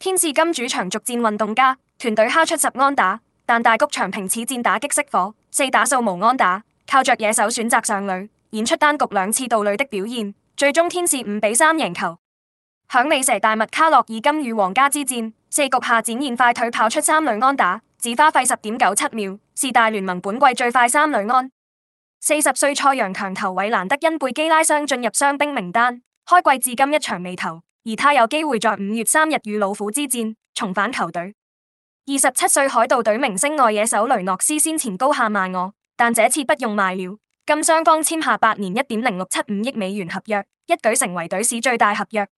天使今主場續戰運動家，團隊敲出十安打，但大谷翔平此戰打擊熄火，四打數無安打，靠着野手選擇上壘，演出單局兩次盜壘的表現，最終天使五比三贏球。響尾蛇大麥卡洛爾今與皇家之戰，四局下展現快腿跑出三壘安打，只花費十點九七秒，是大聯盟本季最快三壘安。四十歲賽揚強投韋蘭德因背肌拉傷進入傷兵名單，開季至今一場未投。而他有機會在五月三日與老虎之戰重返球隊。二十七歲海盜隊明星外野手雷諾斯先前高喊賣我，但這次不用賣了。今雙方簽下八年一點零六七五億美元合約，一舉成為隊史最大合約。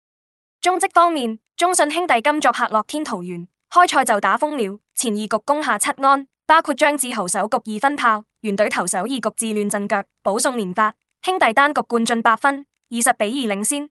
中職方面，中信兄弟今作客樂天桃園，開賽就打瘋了，前二局攻下七安，包括張志豪首局二分炮，原隊投手二局自亂陣腳，保送連發，兄弟單局灌進八分，二十比二領先。